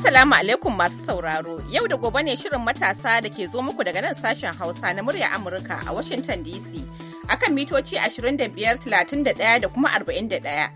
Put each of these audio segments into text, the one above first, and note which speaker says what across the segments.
Speaker 1: Assalamu alaikum masu sauraro, yau da gobe ne shirin matasa da ke zo muku daga nan sashen Hausa na murya Amurka a Washington DC akan mitoci 25, 31 da kuma 41.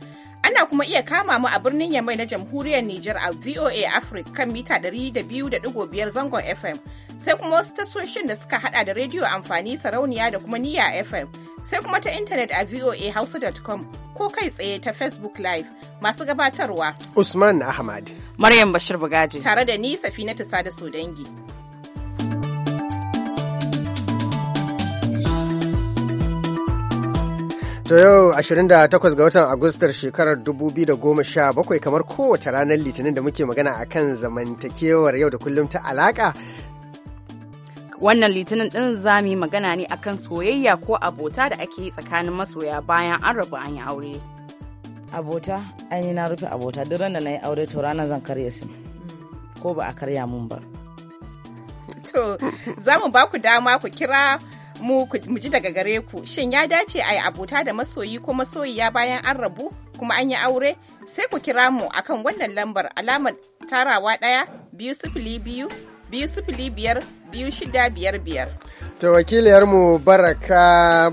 Speaker 1: Ana kuma iya kama mu a birnin Yamai na jamhuriyar Nijar a VOA Africa kan mita 200.5 zangon FM. Sai kuma wasu tasoshin da suka hada da rediyo amfani sarauniya da kuma niya FM. Sai kuma ta intanet a voahausa.com ko kai tsaye ta Facebook Live masu gabatarwa.
Speaker 2: Usman Ahmad. Maryam Bashir Bugaji. Tare
Speaker 1: da ni Safinatu Sada dangi.
Speaker 3: To yau 28 ga watan Agustar shekarar 2017 kamar kowace ranar Litinin da muke magana akan zamantakewar yau da kullum ta alaka
Speaker 2: wannan litinin din za magana ne akan soyayya ko abota da ake yi tsakanin masoya bayan an rabu an yi aure abota ai na rufe abota duk ranar na yi aure to ranar zan karya su ko ba a karya mun ba
Speaker 1: to za mu ba ku dama ku kira mu ji daga gare ku shin ya dace a yi abota da masoyi ko masoyiya bayan an rabu kuma an yi aure sai ku kira mu akan wannan lambar alamar tarawa ɗaya biyu sifili biyu biyu sifili biyar biyu biyar
Speaker 3: Ta wakiliyarmu Baraka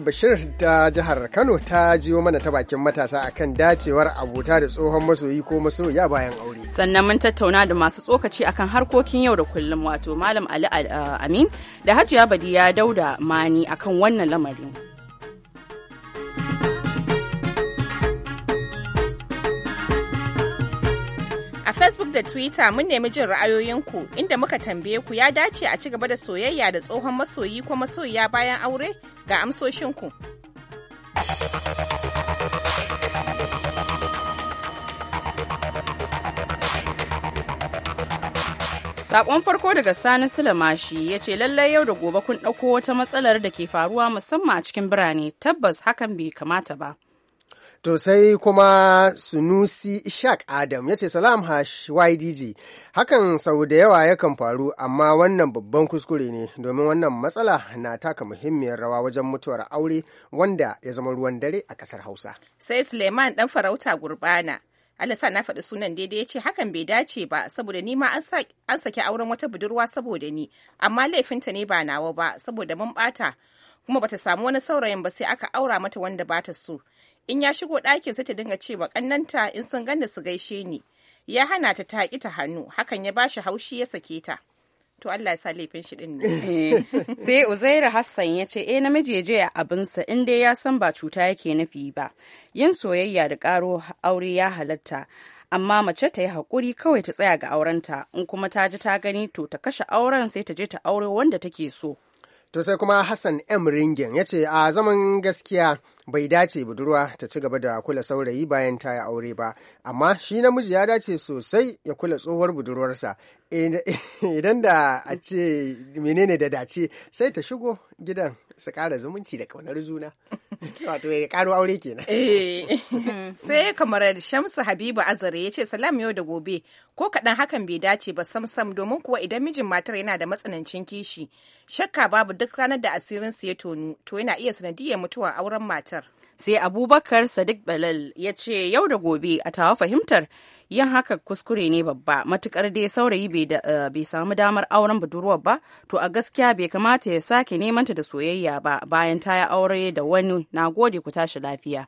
Speaker 3: Bashir ta jihar Kano ta jiyo mana ta bakin matasa akan dacewar abota da tsohon masoyi ko masoya bayan aure.
Speaker 2: Sannan mun tattauna da masu tsokaci akan harkokin yau da kullum wato Malam Ali ah, Amin da Hajiya Badiya Dauda Mani akan wannan lamarin.
Speaker 1: da Twitter mun nemi jin ra'ayoyinku inda muka tambaye ku ya dace a ci gaba da soyayya da tsohon masoyi ko masoyiya bayan aure ga amsoshinku.
Speaker 2: saƙon farko daga Sani Sulamashi ya ce lallai yau da gobe kun ɗauko wata matsalar da ke faruwa musamman a cikin birane tabbas hakan bai kamata ba.
Speaker 3: To sai kuma Sunusi Ishaq Adam ya ce salam hash YDG. Hakan sau da yawa yakan faru amma wannan babban kuskure ne domin wannan matsala na taka muhimmiyar rawa wajen mutuwar aure wanda ya zama ruwan dare a kasar Hausa.
Speaker 1: Sai Suleiman dan farauta gurbana. alisa na faɗi sunan daidai ya ce hakan bai dace ba saboda ni ma an saki auren wata budurwa saboda ni amma laifinta ne ba nawa ba saboda mun bata kuma bata samu wani saurayin ba sai aka aura mata wanda bata so in ya shigo ɗakin sai ta dinga ce wa ƙannanta in sun ganda su gaishe ni ya hana ta taƙi ta hannu hakan ya ba shi haushi ya sake ta to Allah ya sa laifin shi din
Speaker 2: ne sai Uzaira Hassan ya ce eh namiji ya je a abinsa in dai ya san ba cuta yake nufi ba yin soyayya da ƙaro aure ya halatta amma mace ta yi hakuri kawai ta tsaya ga aurenta in kuma ta ji ta gani to ta kashe auren sai ta je ta aure wanda take so To sai kuma Hassan M. Ringin ya
Speaker 3: ce a zaman gaskiya bai dace budurwa ta ci gaba da kula saurayi bayan ta yi aure ba, amma shi namiji ya dace sosai ya kula tsohuwar budurwarsa. Idan da a ce menene da dace sai ta shigo gidan su kara zumunci da ƙaunar juna. wato ya karo aure kenan
Speaker 1: eh sai kamar Shamsu Habibu Azare ya ce salam yau da gobe ko kaɗan hakan bai dace ba sam sam domin kuwa idan mijin matar yana da matsanancin kishi shakka babu duk ranar da asirin su ya tonu to yana iya sanadiyar mutuwar auren matar
Speaker 2: sai abubakar sadiq balal ya ce yau da gobe a tawa fahimtar yin haka kuskure ne babba matukar dai saurayi eh, bai samu damar auren budurwar ba to a gaskiya bai kamata ya sake nemanta da soyayya ba bayan ta yi aure da wani na gode ku tashi lafiya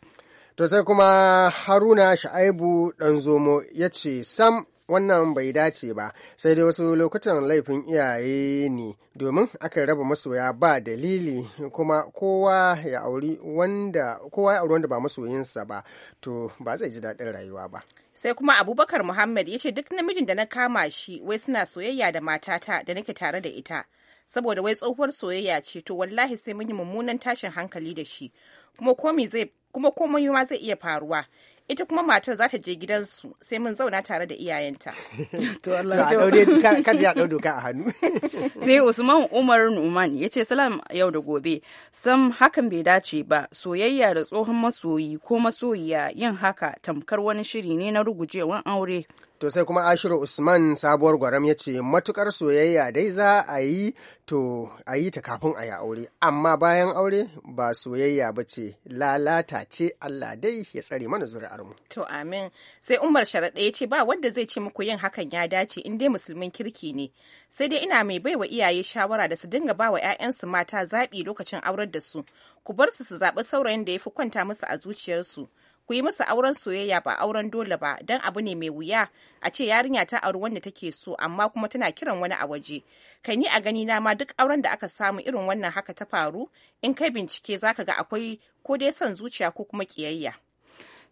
Speaker 3: to sai kuma haruna sha'aibu ɗanzomo ya ce sam wannan bai dace ba sai dai wasu lokutan laifin iyaye ne domin aka raba masoya ba dalili kuma kowa ya auri wanda kowa ya auri wanda ba masoyinsa ba to ba zai ji daɗin rayuwa ba
Speaker 1: sai kuma abubakar muhammad ya ce duk namijin da na kama shi wai suna soyayya da matata da nake tare da ita saboda wai tsohuwar soyayya ce to wallahi sai mun yi mummunan tashin hankali da shi kuma komai ma zai iya faruwa ita kuma matar za ta je gidansu sai mun zauna tare da iyayenta
Speaker 3: to Allah ya daure kan ya dau doka a
Speaker 2: hannu sai Usman Umar Numan ya ce salam yau da gobe sam hakan bai dace ba soyayya da tsohon masoyi ko masoyiya yin haka tamkar wani shiri ne na rugujewan aure
Speaker 3: to sai kuma ashiru usman sabuwar gwaram ya ce matukar soyayya dai za a yi to a yi ta kafin a yi aure amma bayan aure ba soyayya ba ce lalata ce allah dai ya tsare mana zuri'ar mu.
Speaker 1: To amin. Sai Umar Sharaɗa ya ce ba wanda zai ce muku yin hakan ya dace in dai musulmin kirki ne. Sai dai ina mai baiwa iyaye shawara da su dinga ba wa 'ya'yansu mata zaɓi lokacin aurar da su. Ku bar su su zaɓi saurayin da ya fi kwanta musu a zuciyarsu. Ku yi musu auren soyayya ba auren dole ba don abu ne mai wuya a ce yarinya ta auri wanda take so amma kuma tana kiran wani a waje. Kai ni a gani na ma duk auren da aka samu irin wannan haka ta faru in kai bincike zaka ga akwai ko dai son zuciya ko kuma ƙiyayya.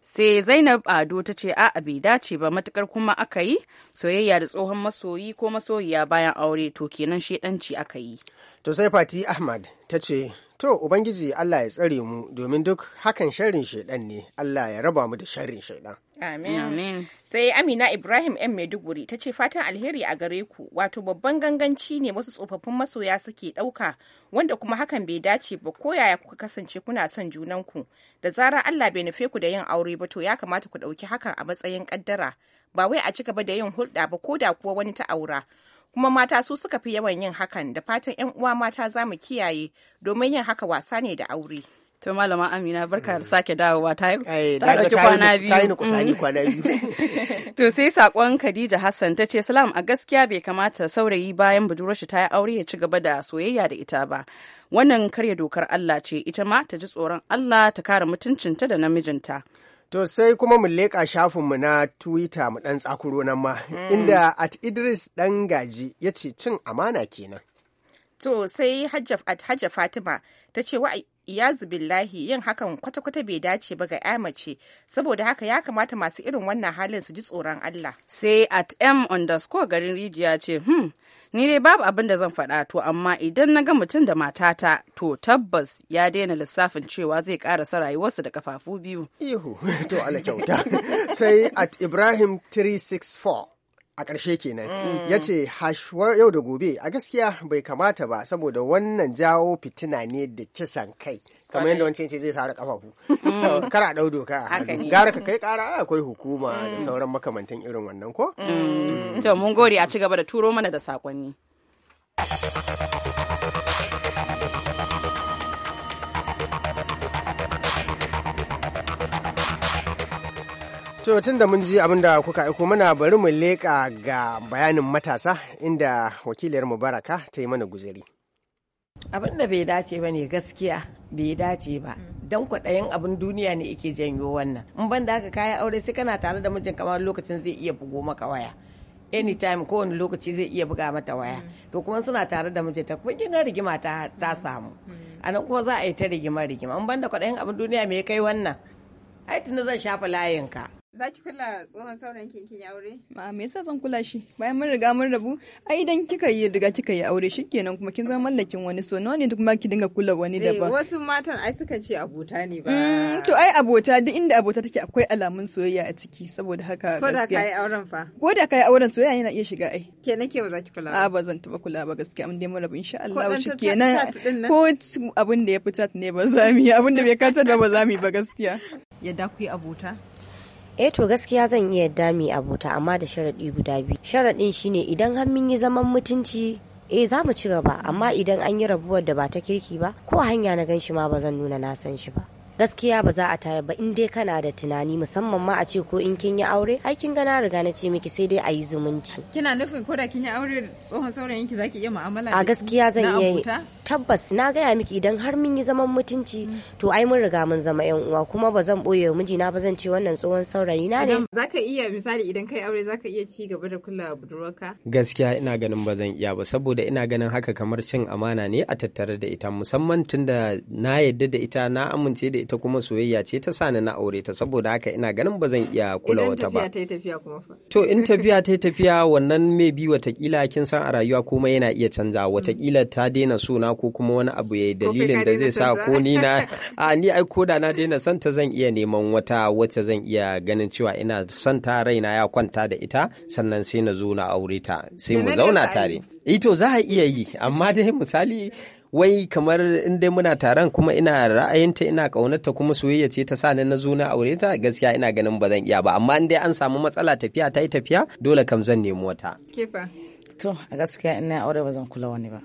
Speaker 2: sai zainab ado ta ce a'a bai dace ba matukar kuma aka yi soyayya da tsohon masoyi ko masoyiya bayan aure to kenan shi ɗanci aka yi
Speaker 3: to sai fati ahmad ta ce To, Ubangiji Allah ya tsare mu domin duk hakan sharrin shaidan ne, Allah ya raba mu da sharrin shaidan.
Speaker 1: Amin. Sai Amina Ibrahim 'yan Maiduguri ta ce fatan alheri a gare ku, wato babban ganganci ne wasu tsofaffin masoya suke ɗauka, wanda kuma hakan bai dace ba ko yaya kuka kasance kuna son junanku. Da zarar Allah bai nufe ku da yin aure ba to ya kamata ku ɗauki hakan a matsayin ƙaddara, ba wai a ci gaba da yin hulɗa ba ko da kuwa wani ta aura. kuma mata su suka fi yawan yin hakan da fatan 'yan uwa mata za mu kiyaye domin yin haka wasa ne da
Speaker 2: aure. to malama amina barka da sake dawowa ta yi kwana biyu
Speaker 3: mm.
Speaker 2: to sai sakon khadija hassan ta ce salam a gaskiya bai kamata saurayi bayan budurwar ta yi aure ya ci gaba da soyayya da ita ba wannan karya dokar allah ce ita ma ta ji tsoron allah ta kare mutuncinta da namijinta
Speaker 3: To sai kuma mu leƙa shafinmu na Twitter mu ɗan tsakuro nan ma, hmm. inda at Idris ɗan gaji ya ce
Speaker 1: cin amana kenan. To sai Hajjaf Fatima ta ce iyazu billahi yin hakan kwata-kwata bai dace ba ga ya mace saboda haka ya kamata masu irin wannan halin su ji tsoron Allah.
Speaker 2: Sai at m underscore garin rijiya ce, hmm, ni dai babu abin da zan faɗa to amma idan na ga mutum da matata to tabbas ya daina lissafin cewa zai sa rayuwarsa da kafafu biyu.
Speaker 3: Ihu, to ala kyauta. Sai at Ibrahim 364 a ƙarshe kenan mm. ya ce yau da gobe a gaskiya bai kamata ba saboda wannan jawo fitina ne da kisan kai kamar yadda wancan ce zai sare kafafu mm. kar a dau doka gara ka kai kara akwai hukuma da mm. sauran makamantan irin wannan ko
Speaker 2: to mun gode a ci gaba da turo mana da sakonni
Speaker 3: To tun da mun ji abin da kuka aiko mana bari mu leƙa ga bayanin matasa inda wakiliyar Mubaraka ta yi mana guziri.
Speaker 1: Abin da bai dace ba ne gaskiya bai dace ba. don kwaɗayin abin duniya ne ike janyo wannan. In ban da aka kayan aure sai kana tare da mijin kamar lokacin zai iya bugo maka waya. anytime kowane lokaci zai iya buga mata waya. To kuma suna tare da mijinta kuma gina rigima ta samu. A nan kuma za a yi ta rigima rigima. In ban da kwaɗayin abin duniya me kai wannan. ai zan shafa layinka Za ki
Speaker 2: kula tsohon sauran kinkin ya aure?
Speaker 1: Ma me yasa zan kula shi? Bayan mun riga mun rabu, ai idan kika yi riga kika yi aure shikenan kuma kin zama mallakin wani so nawa ne kuma ki dinga kula wani eh, daban. Eh wasu matan ai suka ce abota ne ba. Mm, to ai abota duk inda abota take akwai alamun soyayya a ciki saboda haka gaskiya. Ko da kai auren fa. Ko da kai auren soyayya yana iya shiga ai. Ke nake ba za ki kula ba. A ba zan taba kula ba gaskiya mun dai mun rabu insha Allah shikenan. Ko abin da ya fitat ne ba za mu yi abin da bai katar ba ba za mu yi ba gaskiya.
Speaker 2: Yadda ku yi abota.
Speaker 1: eh to gaskiya zan iya yadda mu abota amma da sharaɗi guda biyu sharaɗin shine idan har mun yi zaman mutunci e za mu ci gaba amma idan an yi rabuwar da ba ta kirki ba ko hanya na gan shi ma ba zan nuna na san shi ba gaskiya ba za a taya ba in dai kana da tunani musamman ma a ce ko in kin yi aure ai kin ga na riga na ce miki sai dai a yi zumunci
Speaker 2: kina nufin ko da kin yi aure tsohon saurayinki zaki iya mu'amala a gaskiya zan iya
Speaker 1: tabbas na gaya miki idan har mun yi zaman mutunci to ai mun riga mun zama yan uwa kuma ba zan boye wa mijina ba zan ce wannan tsohon saurayi na ne
Speaker 2: zaka iya misali idan kai aure zaka iya ci gaba da kula budurwarka
Speaker 3: gaskiya ina ganin ba zan iya ba saboda ina ganin haka kamar cin amana ne a tattare da ita musamman tunda na yadda da ita na amince da ita kuma soyayya ce ta sani na aure ta saboda haka ina ganin ba zan iya kula wata ba tafiya ta tafiya to in tafiya ta tafiya wannan mai bi watakila kin san a rayuwa kuma yana iya canza watakila ta daina suna ko kuma wani abu ya yi dalilin da zai sa ko ni na a ni ai ko da na daina santa zan iya neman wata wacce zan iya ganin cewa ina santa raina ya kwanta da ita sannan sai na zo na aure ta sai mu zauna tare ito eh za a iya yi amma dai misali wai kamar in dai muna taron kuma ina ra'ayinta ina ƙaunarta kuma soyayya ce ta sa ni na zo na aure ta gaskiya ina ganin ba zan iya ba amma in dai an samu matsala tafiya ta yi tafiya dole kam zan nemi wata.
Speaker 2: to a gaskiya ina aure ba zan kula wani ba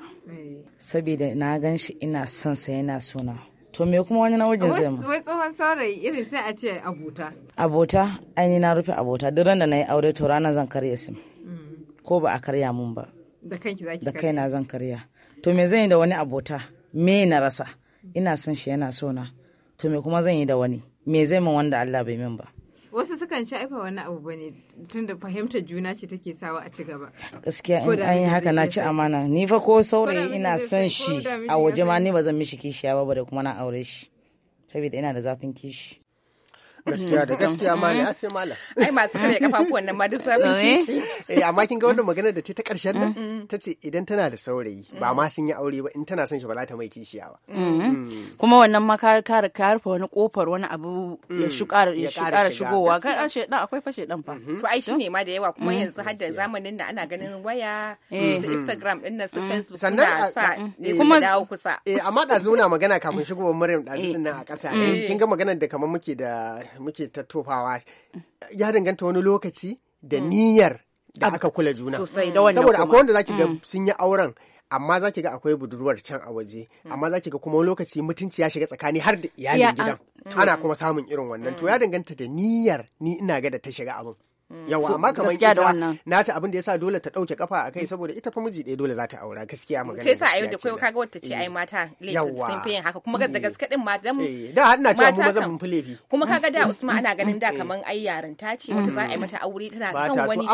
Speaker 2: saboda na gan shi ina son sa yana suna to me kuma wani namijin zai mu
Speaker 1: wai tsohon saurayi irin sai a ce abota
Speaker 2: abota ai na rufe abota duk ran da nayi aure to ranar zan karya sim ko ba a karya mun ba
Speaker 1: da kanki zaki da kaina
Speaker 2: zan karya to me zan yi da wani abota me na rasa ina son shi yana sona to me kuma zan yi da wani me zai min wanda Allah bai min ba sukan shafa wani abu ba ne tunda fahimtar juna ce take sawa a ci gaba. Gaskiya in an yi haka na ci amana ni fa ko saurayi ina son shi a waje ma ni ba zan mishi kishiya ba da kuma na aure shi saboda ina da zafin kishi. gaskiya da gaskiya mm. ma ne mm. afi
Speaker 1: mala
Speaker 3: ai masu karya kafafuwan
Speaker 1: nan ma duk sabon eh? kishi
Speaker 3: eh amma kin ga wannan magana da ta ta karshen nan mm. tace idan tana da saurayi ba ma sun yi aure ba in tana son shi ba za ta mai kishiya ba
Speaker 2: kuma wannan ma ka ka rufe wani kofar wani abu ya shuka ya shukara shigowa kar an dan akwai fashe dan
Speaker 1: fa mm-hmm. to ai shine ma da yawa kuma yanzu har da zamanin da ana ganin waya eh. su mm-hmm. Instagram din nan su Facebook sannan sa eh, kuma dawo kusa eh
Speaker 3: amma da zuna magana kafin shigowar Maryam da zuna a kasa kin ga maganar da kamar muke da muke tattofawa mm. ya danganta wani lokaci da mm. niyyar da aka kula juna saboda akwai wanda zaki ga mm. sun yi auren amma za ki ga akwai budurwar can a waje amma za ki ga kuma lokaci mutunci ya shiga tsakani har da iyalin gidan ana kuma samun irin wannan to ya danganta da niyyar ni ina ga da ta shiga
Speaker 1: abin Mm. yawa amma kamar ita
Speaker 3: nata abin da yasa dole ta dauke kafa a kai saboda ita fa miji ɗaya dole za ta aura gaskiya magana sai sa ayo da kai
Speaker 1: kaga wata ce ai mata eh, laifin sun fi yin haka kuma da gaske din ma dan eh, da har ina cewa mu zan mun
Speaker 3: fi laifi kuma kaga da mm, Usman mm, ana ganin da eh.
Speaker 1: kaman ai yaran ta ce wata za
Speaker 2: a yi mata aure tana son wani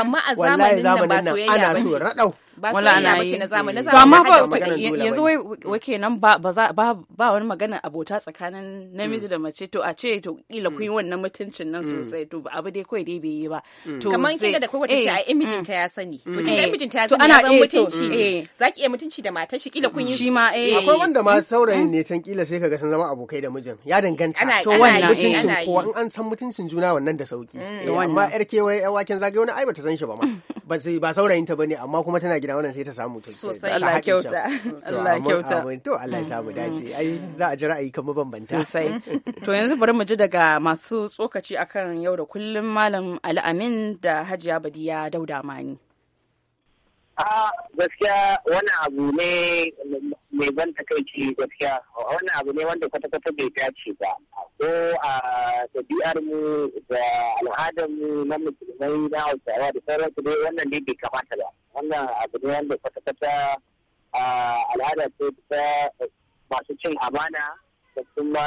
Speaker 2: amma a zamanin nan ba soyayya ba ba soyayya bace na zamani na zamani ba yanzu wai kenan ba ba wani magana abota tsakanin namiji da mace to a ce to kila mm. kun yi wannan mutuncin nan mm. sosai to abu dai kawai dai bai yi ba mm. to kamar kinga da kowace ce eh, a imijin ta ya sani to kinga imijin eh. ta ya sani ya san eh,
Speaker 1: mutunci zaki iya mutunci da matar shi kila kun yi shi ma eh akwai wanda ma hmm? saurayin
Speaker 3: hmm? ne can kila sai kaga sun zama abokai da mijin ya danganta to wannan mutuncin ko in an san mutuncin juna wannan da sauki hmm. amma yar kewaye yar waken zagaye wani ai bata san shi ba ma ba saurayin ta ne amma kuma tana gida gida wannan sai ta samu ta sosai Allah kyauta Allah kyauta to Allah ya samu dace ai za a ji ra'ayi kan mabambanta sosai
Speaker 2: to yanzu bari mu ji daga masu tsokaci akan yau da kullum malam Ali Amin da Hajiya Badiya Dauda Mani
Speaker 4: a ah, gaskiya wani abu ne mai ban takaici gaskiya wannan abu ne wanda kwata-kwata bai dace ba ko a dabi'ar mu da al'adar mu na musulmai na hausawa da su dai wannan ne bai kamata ba wannan abu ne wanda kwata-kwata al'ada ce ta masu cin amana kuma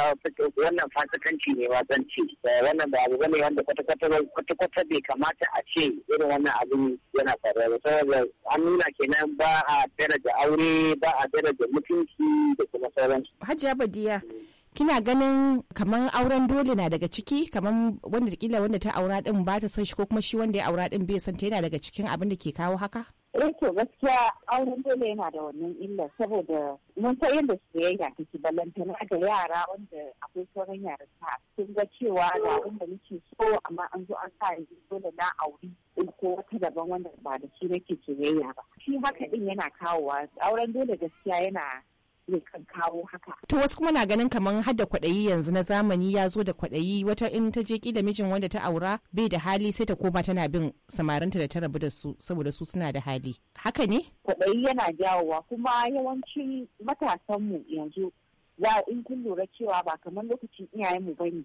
Speaker 4: wannan fasikanci ne ma zan ce wannan ba abu bane wanda kwata-kwata bai kamata a ce irin wannan abin yana faruwa saboda an nuna kenan ba a daraja aure ba a daraja mutunci da kuma sauransu.
Speaker 1: Hajiya Badiya kina ganin kamar auren dole na daga ciki kamar wanda kila wanda ta aura din ba ta son shi ko kuma shi wanda ya aura din bai san ta yana daga cikin abin da ke kawo haka?
Speaker 5: eh to gaskiya auren dole yana da wannan illa saboda mun san yadda soyayya kake balantana da yara wanda akwai sauran yara ta sun ga cewa ga wanda da nake so amma an zo an sa yanzu dole na auri in ko wata daban wanda ba da shi nake soyayya ba shi haka din yana kawowa auren dole gaskiya yana zai kawo haka. To
Speaker 1: wasu kuma na ganin kamar hada kwaɗayi yanzu na zamani ya zo da kwaɗayi wata in ta je kila mijin wanda ta aura bai da hali sai ta koma tana bin samarinta da ta rabu da su saboda su suna da hali.
Speaker 5: Haka ne? Kwaɗayi yana jawowa kuma yawanci matasanmu yanzu za in kun lura cewa ba kamar lokacin iyayenmu ba ne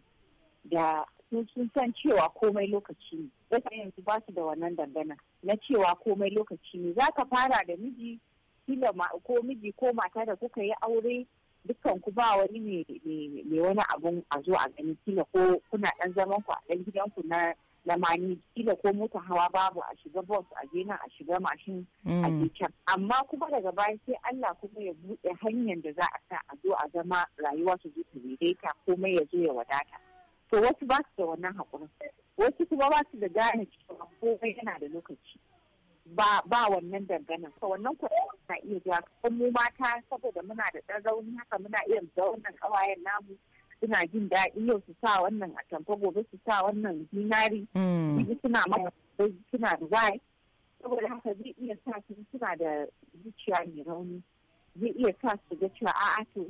Speaker 5: da sun san cewa komai lokaci ne. yanzu ba su da wannan dangana na cewa komai lokaci ne. Za ka fara da miji kila ko miji ko mata da kuka yi aure dukkan ku ba wani mai wani abun a zo a gani kila ko kuna dan zaman ku a dan gidan ku na lamani kila ko mota hawa babu a shiga bus a je a shiga mashin a mm. amma kuma daga baya sai Allah kuma ya buɗe hanyar da za a sa a zo a zama rayuwa su zo ta daidaita komai ya zo ya wadata to wasu ba su da wannan haƙurin wasu kuma ba su da gane cewa komai yana da lokaci ba wannan dangana to wannan kuɗi na iya ja mu mata saboda muna da ɗan rauni haka muna iya zaunan wannan kawayen namu suna jin daɗi yau su sa wannan a gobe su sa wannan zinari mm. suna mata suna da waye saboda haka zai iya sa su suna da zuciya mai rauni zai iya sa su ga cewa a'a to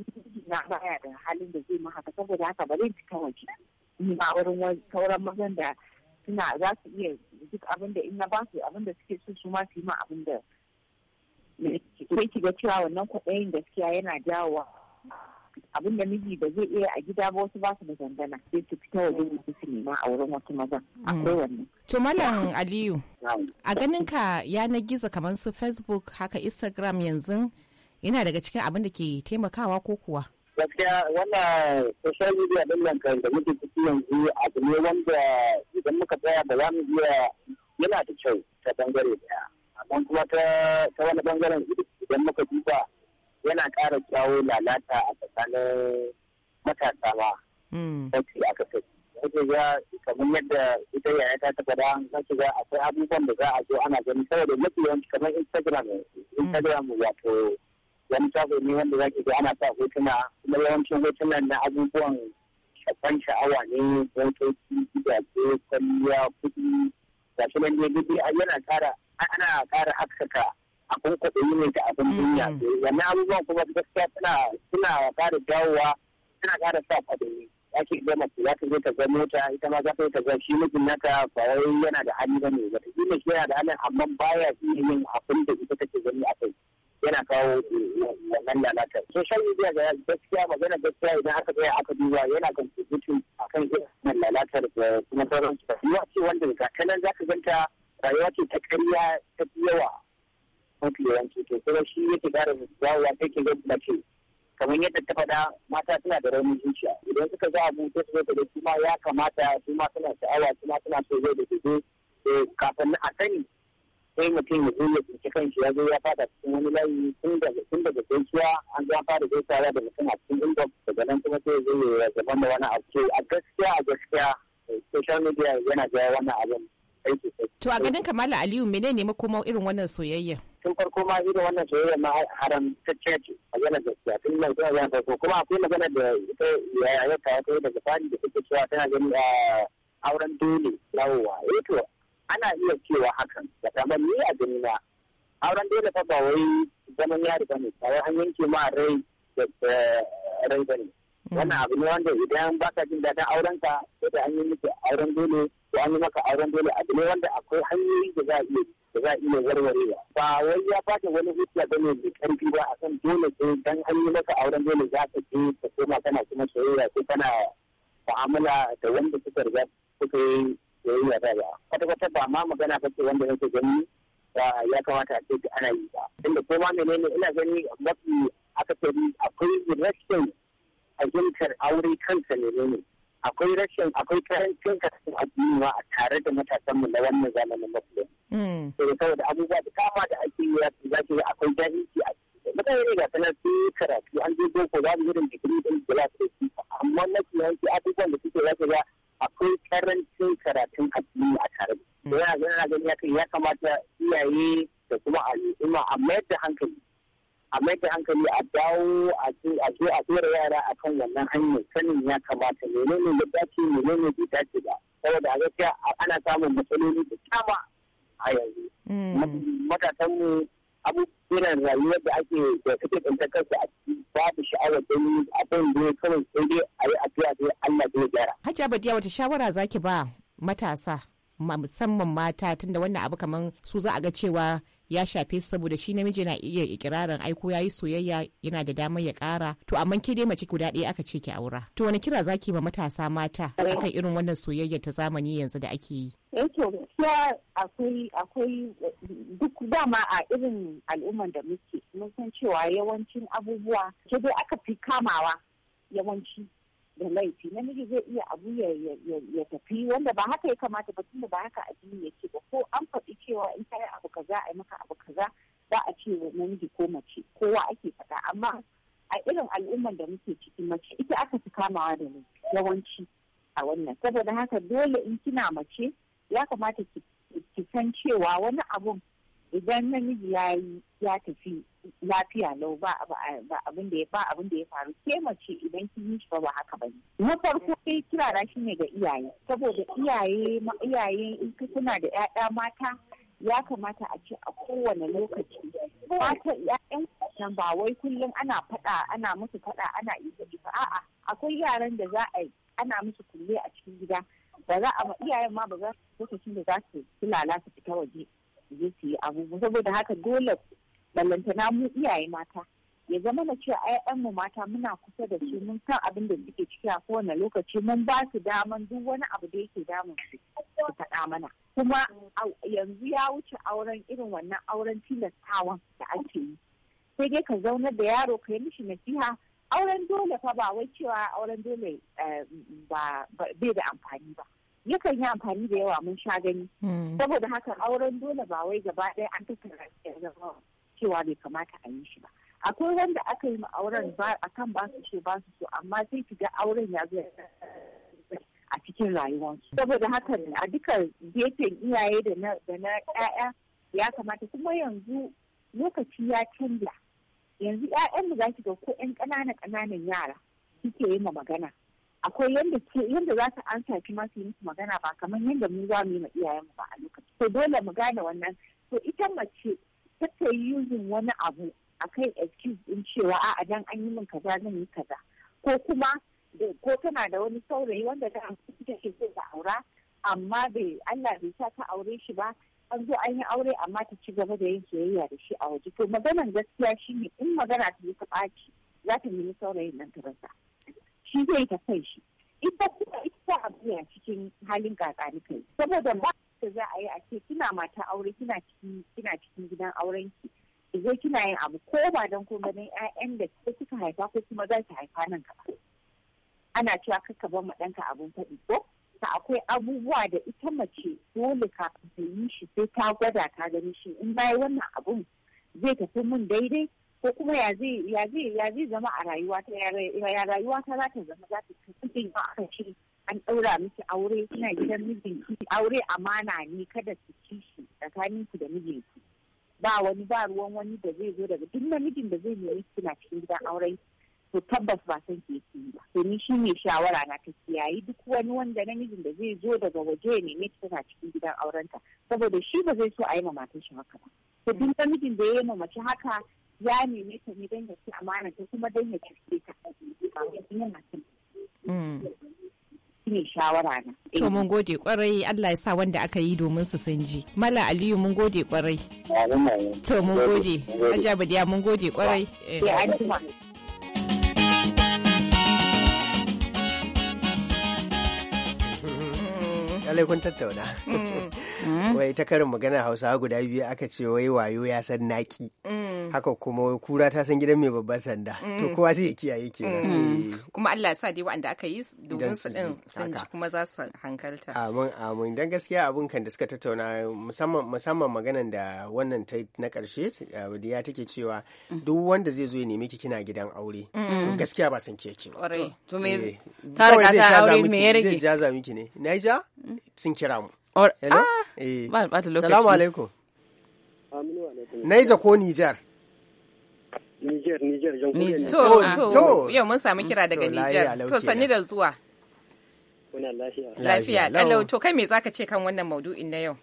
Speaker 5: na baya da halin da zai haka saboda haka ba zai fita waje ni ba wurin sauran mazan da suna za su iya duk abin da in na ba su abin da suke so su ma su yi ma abin da sai ki ga cewa wannan kwaɗayin gaskiya yana jawowa abin da miji ba zai iya a gida ba wasu ba su da zangana sai su fita waje su su nema a wurin wasu maza. akwai mm.
Speaker 4: wannan.
Speaker 1: To Malam Aliyu a ganin ka yanar gizo kamar su Facebook haka Instagram yanzu yana daga cikin abin da ke taimakawa ko kuwa?
Speaker 4: gaskiya wannan social media din nan kan da muke ciki yanzu abu ne wanda idan muka tsaya ba za mu iya yana da kyau ta bangare daya amma kuma ta wani bangaren idan muka duba yana ƙara kyawo lalata a tsakanin matasa ma hmm. wacce aka sai kuke ga kamar yadda ita yaya ta taɓa da wacce ga akwai abubuwan da za a zo ana gani saboda mafi yawanci kamar instagram hmm. instagram wato wani shago ne wanda za ki ana sa hotuna kuma yawancin hotunan na abubuwan shafan sha'awa ne motoci gidaje kwalliya kuɗi ga shi nan dai dai yana ƙara ana ƙara haskaka abin yi ne da abin duniya mm. eh, wannan abubuwan kuma gaskiya suna suna ƙara dawowa suna ƙara sa ne ya ce ga mace za ta je ta ga mota ita ma za ta ta ga shi mijin naka ba wai yana da hali ba ne ba ta shi yana da hali amma baya iya yin abin da ita take gani a kai yana kawo wannan lalatar social media ga gaskiya magana gaskiya idan aka tsaya aka duba yana contributing akan irin lalatar da kuma sauran rayuwa ce wanda ga kanan zaka ganta rayuwa ce ta ƙarya ta yawa mafi yawanci to kuma shi yake ƙara dawowa sai ke ga ce. kamar yadda ta faɗa mata suna da raunin zuciya idan suka ga abu ta su da su ma ya kamata su ma suna sha'awa su ma suna so zai da su kafin a sani sai mutum ya zo ya tsinci kanshi ya zo ya fada cikin wani layi tun daga gaisuwa an zo fara gaisawa da mutum a cikin inbox daga nan kuma sai zai ya zama da wani abu a gaskiya a gaskiya social media yana jawo wannan abin aiki to a ganin
Speaker 1: kamala aliyu mene ne makoma irin wannan soyayya
Speaker 4: tun farko ma irin wannan soyayya ma haramtacce ce a yana gaskiya tun nan kuma zan farko kuma akwai magana da ita ya yi ta yi daga fadi da take cewa tana ganin ah, auren dole yawowa eh to ana iya cewa hakan da kamar ni a ganina auren dole fa ba wai zaman yari ba ne kawai an yanke ma rai da rai ba ne mm. wannan abu ne wanda idan ba ka jin daɗin auren ka da an yi miki auren dole ko an yi maka auren dole abu ne wanda akwai hanyoyi da za a iya da za a iya warwarewa ba wai ya fata wani hujja ba ne mai karfi ba akan dole sai dan an yi maka auren dole za ka je ka koma kana kuma soyayya ko kana mu'amala da wanda suka riga suka yi soyayya ba ba kwata kwata ba ma magana ba ce wanda nake gani ba ya kamata a ce ana yi ba inda ko ma menene ina gani mafi akasari akwai rashin fahimtar aure kansa menene akwai rashin akwai karancin karatun addini ma a tare da matasanmu na wannan zamanin musulun. Sai hmm. saboda abubuwa da kama da ake yi za su akwai jahilci a cikin mutane ne ga sanar su karatu an je boko za mu irin digiri din da za su da amma mafi yanki abubuwan da suke za ba akwai karancin karatun addini a tare da mm. yana ganin na gani ya kamata iyaye da kuma al'umma a mayar da hankali a mai da hankali a dawo a zo a tsora yara a kan wannan hanyar sanin ya kamata menene ya dace menene bai dace ba saboda gaskiya ana samun matsaloli da dama a yanzu mm. matasanmu abubuwan rayuwar da ake da kake tsantar kansu a ciki babu sha'awar don abin da ya kawai sai dai a yi addu'a sai Allah zai gyara.
Speaker 1: Hajiya Badiya wata shawara zaki ba matasa musamman mata tunda wannan abu kamar su za a ga cewa ya shafe su saboda shi namiji na iya ikirarin aiko ya yi soyayya yana da damar ya kara to amma ke dai mace guda ɗaya aka ce ki aura to wani kira zaki ma matasa mata akan irin wannan soyayya ta zamani yanzu da ake yi
Speaker 5: eh to akwai akwai duk dama a irin al'umman da muke mun san cewa yawancin abubuwa ke dai aka fi kamawa yawanci da laifi namiji zai iya abu ya tafi wanda ba haka ya kamata ba tunda ba haka addini yake ba ko an faɗi cewa in yi abu kaza a yi maka abu kaza ba a ce wa namiji ko mace kowa ake faɗa amma a irin al'umman da muke ciki mace ita aka fi kamawa da mu yawanci a wannan saboda haka dole in kina mace ya kamata ki san cewa wani abun idan namiji ya yi ya tafi lafiya lau ba abin da ya faru ke mace idan kin yi shi ba haka ba na farko sai kira na ne ga iyaye saboda iyaye ma iyaye in kuna da 'ya'ya mata ya kamata a ce a kowane lokaci mata ƴaƴan nan ba wai kullum ana faɗa ana musu faɗa ana isa isa a'a akwai yaran da za a ana musu kulle a cikin gida ba za a ma iyayen ma ba za su lokacin da za su fi su fita waje je su yi abubuwa saboda haka dole ballantana mu iyaye mata ya zama na cewa mu mata muna kusa da su mun san abin da suke ciki a kowane lokaci mun ba su daman duk wani abu da yake damun su su faɗa mana kuma yanzu ya wuce auren irin wannan auren tilastawan da ake yi sai dai ka zaunar da yaro ka yi mishi nasiha auren dole fa ba wai cewa auren dole eh, ba bai da amfani ba yakan yi amfani da yawa mun sha gani hmm. saboda haka auren dole ba wai gaba ɗaya an tattara zama cewa bai kamata a yi shi ba akwai wanda aka yi auren kan ba su ba su so amma sai ki ga auren ya zo a cikin rayuwarsu saboda haka a duka gefen iyaye da na ƴaƴa ya kamata kuma yanzu lokaci ya canja yanzu ƴaƴan da za ki ga ko ƴan ƙanana ƙananan yara suke yi ma magana akwai yadda yadda za ta ansa saki masu su magana ba kamar yadda mu za mu yi ma iyayenmu ba a lokaci to dole mu gane wannan to ita mace ta yi yuzin wani abu a kan excuse din cewa a'a dan an yi min kaza zan yi kaza ko kuma ko tana da wani saurayi wanda da shi ke zai da aura amma bai Allah bai sa ta aure shi ba an zo an yi aure amma ta ci gaba da yin soyayya da shi a waje to maganan gaskiya shine in magana ta yi ta ɓaci za ta nemi saurayin nan ta rasa shi zai ta kai shi ita kuma ita a cikin halin ni kai saboda ba da za a yi a ce kina mata aure kina cikin kina cikin gidan auren ki zai kina yin abu ko ba dan ko ganin ƴaƴan da ko kika haifa ko kuma za ki haifa nan gaba ana cewa kaka bar ma ɗanka abun faɗi ko Ka akwai abubuwa da ita mace dole ka yi shi sai ta gwada ta gani shi in bayan wannan abun zai tafi mun daidai ko kuma ya zai ya zai ya zai zama a rayuwa ta ya rayuwa ta za ta zama za ta kasance ba a kashi an ɗaura miki aure kina gidan mijinki aure amana ne kada ki ci shi tsakanin ki da mijinki ba wani ba ruwan wani da zai zo daga duk namijin da zai nemi kina cikin gidan aure to tabbas ba san ke yi ba to ni shi ne shawara na ta kiyayi duk wani wanda namijin da zai zo daga waje ya neme tana cikin gidan aurenta saboda shi ba zai so a yi ma matar shi haka ba to duk namijin da ya yi ma mace haka ya neme ta ne don ya ci amana ta kuma don ya ci ta ba yana
Speaker 1: mm. shine shawara na. To mun gode kwarai Allah ya sa wanda aka yi domin su sun ji. Mala Aliyu mun gode kwarai.
Speaker 4: To mun gode. Aja
Speaker 1: Badiya mun gode kwarai. Eh.
Speaker 3: Lallai kun tattauna. Mm. Wai ta karin magana Hausawa guda biyu aka ce wai wayo ya san naki.
Speaker 1: Mm. Mm. haka
Speaker 3: kuma kura ta san gidan mai babban sanda to mm. kowa sai ya kiyaye kenan mm. eh.
Speaker 1: kuma Allah ya sa dai waɗanda aka yi domin su din sun ji kuma za su hankalta
Speaker 3: amin amin dan gaskiya abun kan da suka tattauna musamman musamman maganan da wannan ta na karshe eh, ya take cewa duk wanda zai zo ya nemi ki kina gidan aure gaskiya ba san ke ki ba to me eh, ta riga ta aure me ya rage zai za miki ne na ja sun kira mu Hello? Ah, ba ta lokaci. Salamu alaikum. Naija ko Nijar?
Speaker 6: Niger, Niger, Jamhuriyar To, to, yau mun samu kira daga Niger. To, sani
Speaker 1: da zuwa.
Speaker 7: Kuna lafiya.
Speaker 6: Lafiya, lalau.
Speaker 1: To, kai me zaka ce kan wannan maudu'in na yau?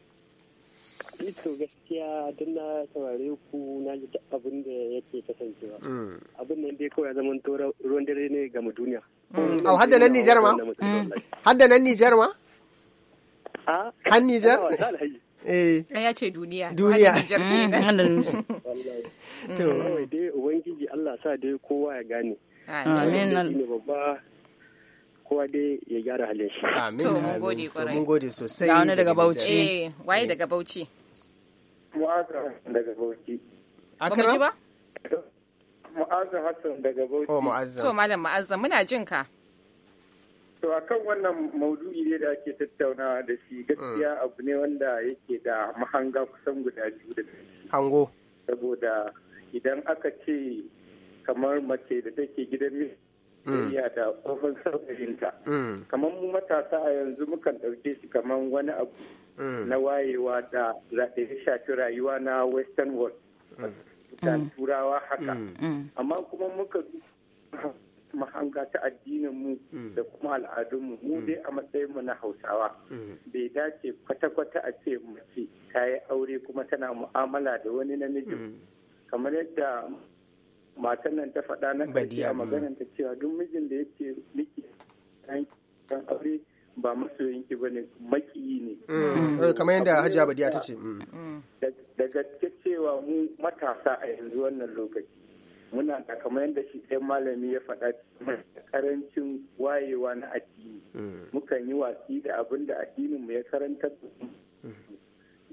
Speaker 7: Ito eh, gaskiya don na saurare ku na ji abin da yake kasancewa
Speaker 1: mm.
Speaker 7: abin nan dai kawai zaman ruwan dare ne ga mu duniya mm.
Speaker 3: au hadda nan Niger ma ah, hadda nan Niger ma Han Niger?
Speaker 7: eh
Speaker 1: ya ce duniya duniya
Speaker 7: Mm. ubangiji Allah sa dai kowa ya gane amin babba kowa dai ya gyara halin shi amin mun gode kwarai mun gode sosai ga wani daga Bauchi
Speaker 1: eh waye daga Bauchi
Speaker 7: mu'azza daga Bauchi Akara? ba
Speaker 1: mu'azza Hassan daga Bauchi oh mu'azza to malam mu'azza muna jin ka
Speaker 7: to akan wannan maudu'i ne da ake tattaunawa da shi gaskiya mm. abu ne wanda yake da mahanga kusan guda biyu da hango saboda idan aka ce kamar mace da take gidan miji mm. da kofin sauyinta mm. kamar mu matasa a yanzu mukan ɗauke shi kamar wani abu mm. na wayewa da zaɓe shafi rayuwa na western world da turawa haka amma kuma muka mahanga ta addinin mu hmm. da kuma al'adunmu mu hmm. dai a matsayin mu na hausawa hmm. bai dace kwata-kwata a ce mace ta yi aure kuma tana mu'amala da wani namijin kamar yadda matan nan ta faɗa na ƙarfi a maganar ta cewa duk mijin da yake miki kan aure ba masoyin ki bane makiyi ne eh, kamar yadda hajiya badiya ta ce da gaske cewa mu matasa a yanzu wannan lokaci muna da kamar yadda shi ɗan malami ya faɗa karancin wayewa na addini mm. mukan yi watsi da abin da addinin mu ya mm. karanta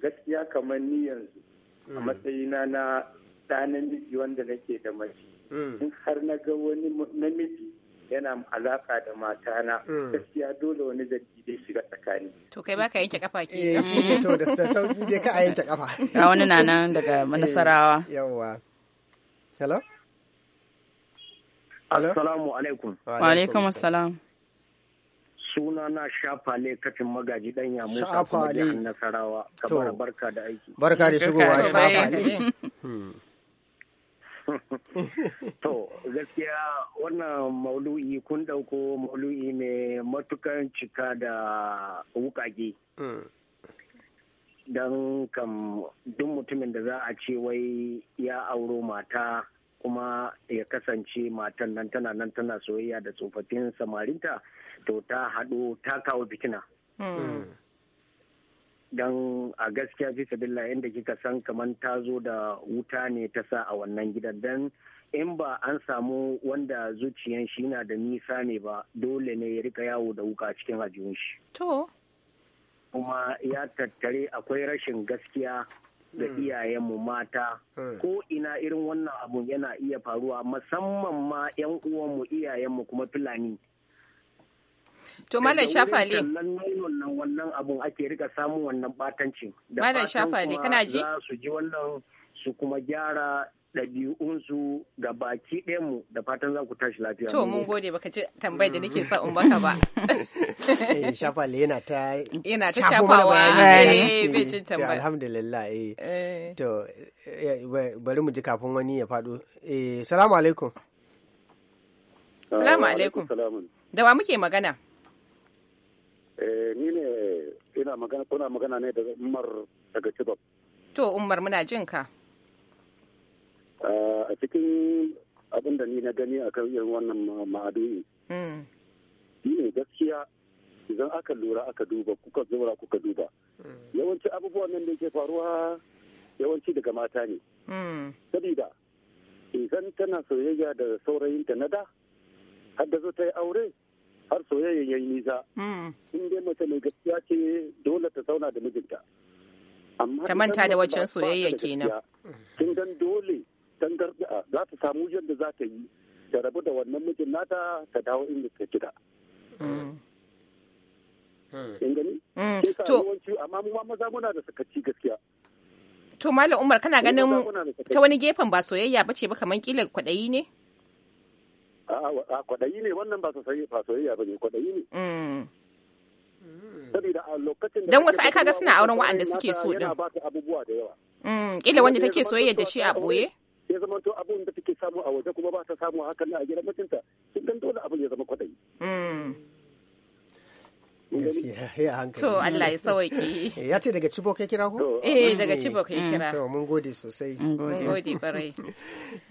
Speaker 7: gaskiya kamar ni yanzu a mm. matsayina na ɗa namiji wanda nake da mace in har na ga wani namiji yana alaka da matana gaskiya dole wani zargi zai shiga tsakani.
Speaker 1: To kai baka yanke kafa ke. Eh
Speaker 2: shi to da sauki
Speaker 3: dai ka yanke kafa. Ga wani nan daga eh, Nasarawa.
Speaker 2: yawa Hello?
Speaker 8: Assalamu alaikum. Wa alaikum assalam. Suna na shafa ne katin magaji dan ya Musa kuma jihar Nasarawa. Kamar barka da aiki. Barka
Speaker 2: da shigowa ne
Speaker 8: To gaskiya wannan maulu'i kun dauko maulu'i ne matukan cika da wukage. Hmm. Don kam duk mutumin da za a ce wai ya auro mata kuma ya kasance matan nan tana nan tana soyayya da tsofaffin samarinta to ta haɗo ta kawo fitina. Hmm. don a gaskiya fi sabilla yadda kika san kamar ta zo da wuta ne ta sa a wannan gidan don in ba an samu wanda zuciyan shi na da nisa ne ba dole ne ya rika yawo da wuka cikin ajiyun shi. To. Kuma ya tattare akwai rashin gaskiya da hmm. iyayenmu mata hmm. ko ina irin wannan abun yana iya faruwa musamman ma 'yan uwanmu iyayenmu kuma fulani.
Speaker 1: To Malam shafali
Speaker 8: Wannan nan wannan abun ake rika samun wannan batancin. Malam kana ji? Za su ji wannan su kuma gyara ɗabi'unsu ga baki ɗayanmu da fatan za ku tashi lafiya. To mun
Speaker 1: gode baka ci tambayar da nake sa in baka ba.
Speaker 3: Eh, Shafale yana ta yana
Speaker 1: ta shafawa eh bai
Speaker 3: eh, cin tambaya. Alhamdulillah eh. eh. To bari mu ji kafin wani ya faɗo. Eh salamu alaikum.
Speaker 6: Salamu alaikum. Da
Speaker 1: wa muke magana?
Speaker 6: Eh ni ne ina magana kuna magana ne daga Umar daga Cibab.
Speaker 1: To Umar muna jin ka.
Speaker 6: Eh, a cikin abin da ni na gani a kan irin wannan ma'adu'i hmm. shine gaskiya idan aka lura aka duba kuka zura kuka duba hmm. yawanci abubuwan nan da ke faruwa yawanci daga mata ne hmm. sabida idan tana soyayya da saurayinta na da har da zo ta yi aure har soyayya ya yi nisa in dai mace mai gaskiya ce dole ta zauna da mijinta amma ta manta da waccan soyayya kenan kin dan dole tangarɗa za ta samu yadda za ta yi ta rabu da wannan mijin nata ta dawo inda ta gida.
Speaker 4: Hmm. Kin
Speaker 6: gani? Hmm. Sai sa amma mu ma maza
Speaker 1: muna da sakaci gaskiya. To Malam Umar kana ganin ta wani gefen ba soyayya ba ce ba kamar kila kwaɗayi ne?
Speaker 6: A kwaɗayi ne wannan ba soyayya ba ne kwaɗayi ne. Hmm. Saboda a lokacin da Dan wasu aika ga suna auren wa'anda suke so din. Yana ba abubuwa da yawa.
Speaker 2: Kila wanda take soyayya da shi a ɓoye?
Speaker 1: ya zama
Speaker 6: to abun da take samu a waje kuma ba ta samu hakan a gidan mutunta kin dan dole abun ya zama kwadayi
Speaker 1: hmm. To Allah ya sauke. Eh, ya ce
Speaker 3: daga Chibok ya kira ko? Eh daga Chibok ya kira. To mun gode sosai. Mun gode kwarai.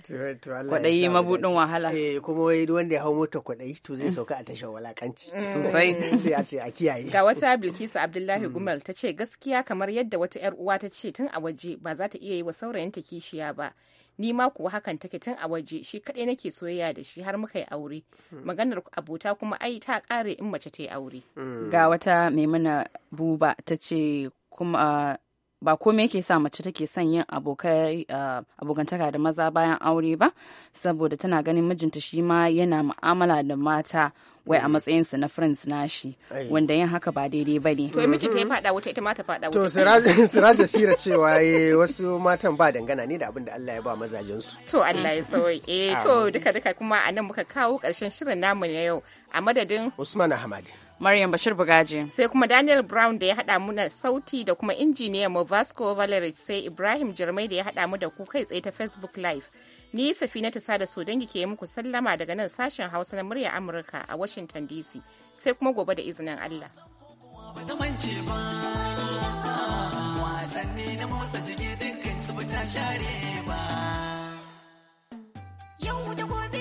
Speaker 3: To to Allah. Kwaɗayi mabudin wahala. Eh kuma wai wanda ya hawo mota kwaɗayi to zai sauka a tashar walakanci. Hmm. Sosai. Sai a ce a kiyaye. Ga wata
Speaker 1: Bilkisu Abdullahi hmm. Gumal ta ce gaskiya kamar yadda wata 'yar uwa ta ce tun a waje ba za ta iya yi wa saurayinta kishiya ba. ni ma kuwa hakan take tun a waje shi kaɗai nake soyayya da shi har muka yi aure hmm. maganar abota kuma ai ta ƙare in mace ta yi aure
Speaker 2: hmm. ga wata mai mana buba ta ce kuma ba komai yake sa mace take son yin abokantaka da maza bayan aure ba saboda tana ganin mijinta shi ma yana mu'amala da mata wai a mm. matsayinsu na friends nashi wanda yin haka ba daidai ba ne. To mijinta ya
Speaker 1: faɗa fada wuta ita ma ta fada wuta. To Siraja
Speaker 2: Sira cewa eh, wasu matan ba dangana ne da abin da Allah ya ba mazajensu.
Speaker 1: To Allah ya sauke. To duka duka kuma a nan muka kawo karshen shirin namu na yau a madadin
Speaker 2: Usman Ahmad. Maryam Bashir Bugaji.
Speaker 1: Sai kuma Daniel Brown da ya haɗa mu na sauti da kuma injiniya mu Vasco sai Ibrahim Jirmai da ya haɗa mu da ku kai tsaye ta Facebook Live. Ni Safina ta sada so dangi ke muku sallama daga nan sashen Hausa na murya Amurka a Washington DC. Sai kuma gobe da izinin Allah.
Speaker 2: Yau da gobe